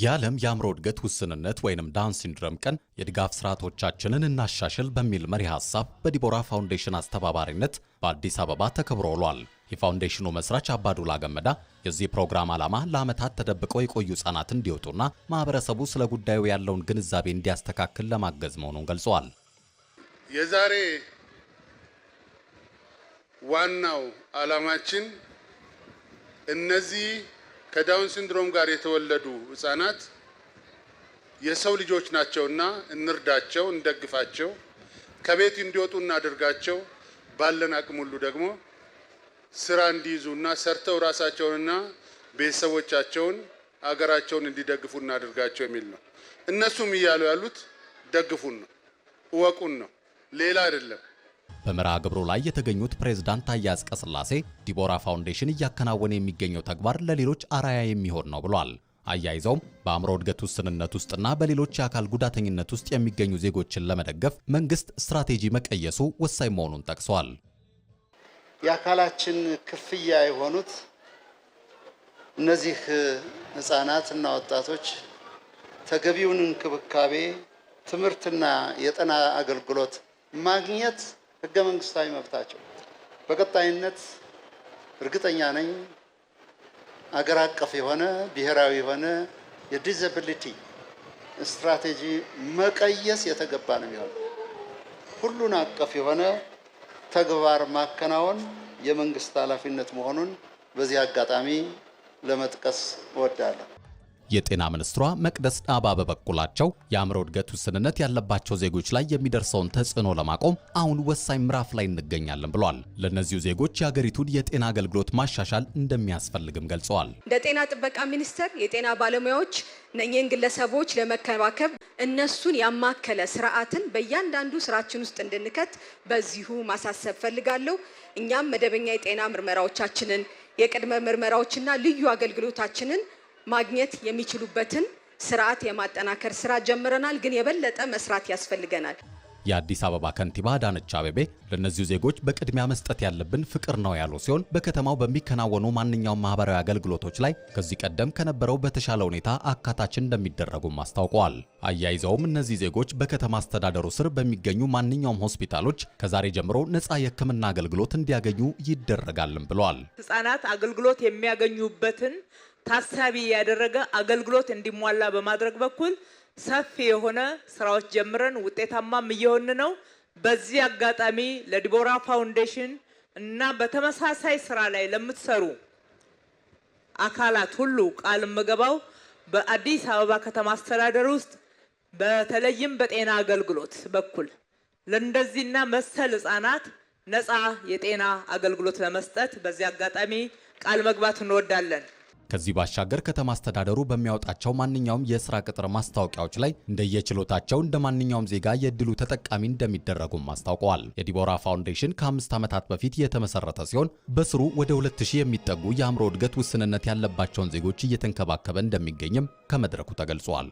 የዓለም የአእምሮ እድገት ውስንነት ወይንም ዳውን ሲንድረም ቀን የድጋፍ ስርዓቶቻችንን እናሻሽል በሚል መሪ ሐሳብ በዲቦራ ፋውንዴሽን አስተባባሪነት በአዲስ አበባ ተከብሮ ውሏል። የፋውንዴሽኑ መስራች አባዱላ ገመዳ የዚህ ፕሮግራም ዓላማ ለዓመታት ተደብቀው የቆዩ ሕፃናት እንዲወጡና ማኅበረሰቡ ስለ ጉዳዩ ያለውን ግንዛቤ እንዲያስተካክል ለማገዝ መሆኑን ገልጸዋል። የዛሬ ዋናው ዓላማችን እነዚህ ከዳውን ሲንድሮም ጋር የተወለዱ ህጻናት የሰው ልጆች ናቸውና እንርዳቸው፣ እንደግፋቸው፣ ከቤት እንዲወጡ እናደርጋቸው፣ ባለን አቅም ሁሉ ደግሞ ስራ እንዲይዙና ሰርተው ራሳቸውንና ቤተሰቦቻቸውን አገራቸውን እንዲደግፉ እናደርጋቸው የሚል ነው። እነሱም እያሉ ያሉት ደግፉን ነው፣ እወቁን ነው፣ ሌላ አይደለም። በመርሃ ግብሩ ላይ የተገኙት ፕሬዝዳንት ታዬ አጽቀሥላሴ ዲቦራ ፋውንዴሽን እያከናወነ የሚገኘው ተግባር ለሌሎች አራያ የሚሆን ነው ብሏል። አያይዘውም በአእምሮ እድገት ውስንነት ውስጥና በሌሎች የአካል ጉዳተኝነት ውስጥ የሚገኙ ዜጎችን ለመደገፍ መንግስት ስትራቴጂ መቀየሱ ወሳኝ መሆኑን ጠቅሰዋል። የአካላችን ክፍያ የሆኑት እነዚህ ህጻናት እና ወጣቶች ተገቢውን እንክብካቤ፣ ትምህርትና የጤና አገልግሎት ማግኘት ህገ መንግስታዊ መብታቸው በቀጣይነት እርግጠኛ ነኝ አገር አቀፍ የሆነ ብሔራዊ የሆነ የዲዘብሊቲ ስትራቴጂ መቀየስ የተገባ ነው የሚሆነው። ሁሉን አቀፍ የሆነ ተግባር ማከናወን የመንግስት ኃላፊነት መሆኑን በዚህ አጋጣሚ ለመጥቀስ እወዳለሁ። የጤና ሚኒስትሯ መቅደስ ዳባ በበኩላቸው የአእምሮ እድገት ውስንነት ያለባቸው ዜጎች ላይ የሚደርሰውን ተጽዕኖ ለማቆም አሁን ወሳኝ ምዕራፍ ላይ እንገኛለን ብሏል። ለእነዚሁ ዜጎች የአገሪቱን የጤና አገልግሎት ማሻሻል እንደሚያስፈልግም ገልጸዋል። እንደ ጤና ጥበቃ ሚኒስቴር የጤና ባለሙያዎች እነኚህን ግለሰቦች ለመከባከብ እነሱን ያማከለ ስርዓትን በእያንዳንዱ ስራችን ውስጥ እንድንከት በዚሁ ማሳሰብ ፈልጋለሁ። እኛም መደበኛ የጤና ምርመራዎቻችንን የቅድመ ምርመራዎችና ልዩ አገልግሎታችንን ማግኘት የሚችሉበትን ስርዓት የማጠናከር ስራ ጀምረናል፣ ግን የበለጠ መስራት ያስፈልገናል። የአዲስ አበባ ከንቲባ አዳነች አቤቤ ለእነዚሁ ዜጎች በቅድሚያ መስጠት ያለብን ፍቅር ነው ያሉ ሲሆን በከተማው በሚከናወኑ ማንኛውም ማህበራዊ አገልግሎቶች ላይ ከዚህ ቀደም ከነበረው በተሻለ ሁኔታ አካታች እንደሚደረጉም አስታውቀዋል። አያይዘውም እነዚህ ዜጎች በከተማ አስተዳደሩ ስር በሚገኙ ማንኛውም ሆስፒታሎች ከዛሬ ጀምሮ ነፃ የሕክምና አገልግሎት እንዲያገኙ ይደረጋልም ብለዋል። ህጻናት አገልግሎት የሚያገኙበትን ታሳቢ ያደረገ አገልግሎት እንዲሟላ በማድረግ በኩል ሰፊ የሆነ ስራዎች ጀምረን ውጤታማም እየሆን ነው። በዚህ አጋጣሚ ለዲቦራ ፋውንዴሽን እና በተመሳሳይ ስራ ላይ ለምትሰሩ አካላት ሁሉ ቃል መገባው በአዲስ አበባ ከተማ አስተዳደር ውስጥ በተለይም በጤና አገልግሎት በኩል ለእንደዚህና መሰል ህጻናት ነፃ የጤና አገልግሎት ለመስጠት በዚህ አጋጣሚ ቃል መግባት እንወዳለን። ከዚህ ባሻገር ከተማ አስተዳደሩ በሚያወጣቸው ማንኛውም የስራ ቅጥር ማስታወቂያዎች ላይ እንደየችሎታቸው እንደ ማንኛውም ዜጋ የእድሉ ተጠቃሚ እንደሚደረጉም አስታውቀዋል። የዲቦራ ፋውንዴሽን ከአምስት ዓመታት በፊት የተመሰረተ ሲሆን በስሩ ወደ 2000 የሚጠጉ የአእምሮ እድገት ውስንነት ያለባቸውን ዜጎች እየተንከባከበ እንደሚገኝም ከመድረኩ ተገልጿል።